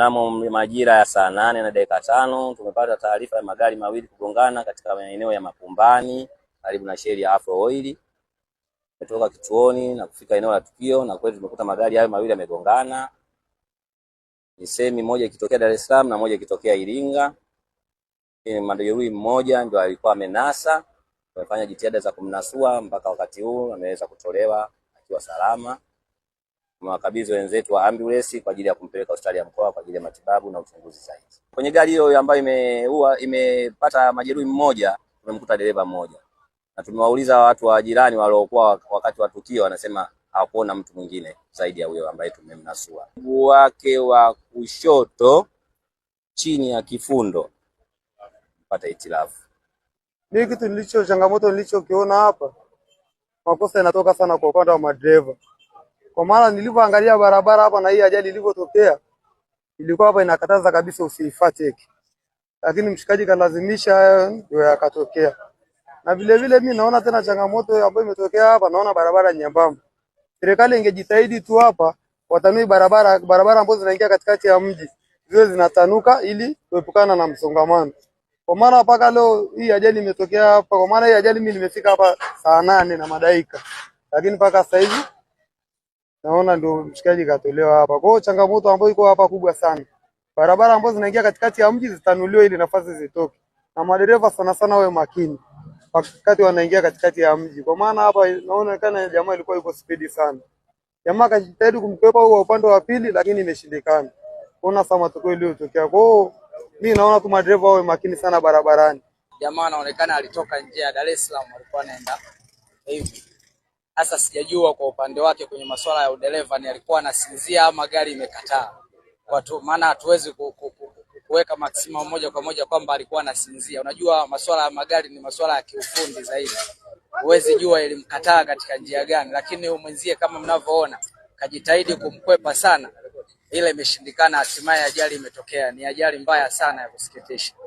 Mnamo majira ya saa nane na dakika tano tumepata taarifa ya magari mawili kugongana katika maeneo ya Mapumbani karibu na sheli ya Afro Oil. Tumetoka kituoni na kufika eneo la tukio na kweli tumekuta magari hayo mawili yamegongana, nisemi moja ikitokea Dar es Salaam na moja ikitokea Iringa. Majeruhi mmoja ndio alikuwa amenasa, tumefanya jitihada za kumnasua, mpaka wakati huu ameweza kutolewa akiwa salama tumewakabidhi wenzetu wa ambulance kwa ajili ya kumpeleka hospitali ya mkoa kwa ajili ya matibabu na uchunguzi zaidi. Kwenye gari hiyo ambayo imeua imepata majeruhi mmoja, tumemkuta dereva mmoja, na tumewauliza watu wa jirani waliokuwa wakati wa tukio, wanasema hawakuona mtu mwingine zaidi ya huyo ambaye tumemnasua. Mguu wake wa kushoto chini ya kifundo pata itilafu. Mimi kitu nilicho changamoto nilichokiona hapa, makosa yanatoka sana kwa upande wa madereva. Kwa maana nilivyoangalia barabara hapa na hii ajali ilivyotokea ilikuwa hapa inakataza kabisa usifuate hiki. Lakini mshikaji kalazimisha hayo ndio yakatokea. Na vile vile mimi naona tena changamoto ambayo imetokea hapa, naona barabara nyembamba. Serikali ingejitahidi tu hapa watanui barabara barabara ambazo zinaingia katikati ya mji ziwe zinatanuka ili kuepukana na msongamano. Kwa maana mpaka leo hii ajali imetokea hapa. Kwa maana hii ajali mimi nimefika hapa saa nane na madaika, lakini mpaka sasa hivi naona ndio mshikaji katolewa hapa. Kwa hiyo changamoto ambayo iko hapa kubwa sana, barabara ambazo zinaingia katikati ya mji zitanuliwa ili nafasi zitoke, na madereva sana sana wawe makini wakati wanaingia katikati ya mji, kwa maana hapa naona kana jamaa ilikuwa yuko spidi sana. Jamaa akajitahidi kumkwepa huo upande wa pili, lakini imeshindikana. Kuna sama tukio iliyotokea. Kwa hiyo mimi naona tu madereva wawe makini sana barabarani. Jamaa anaonekana alitoka nje ya Dar es Salaam, alikuwa anaenda hivi Hasa sijajua kwa upande wake kwenye masuala ya udereva ni alikuwa anasinzia ama gari imekataa tu, maana hatuwezi kuweka maximum moja kwa moja kwamba alikuwa anasinzia. Unajua, masuala ya magari ni masuala ya kiufundi zaidi, huwezi jua ilimkataa katika njia gani, lakini umwenzie kama mnavyoona kajitahidi kumkwepa sana, ile imeshindikana, hatimaye ajali imetokea. Ni ajali mbaya sana ya kusikitisha.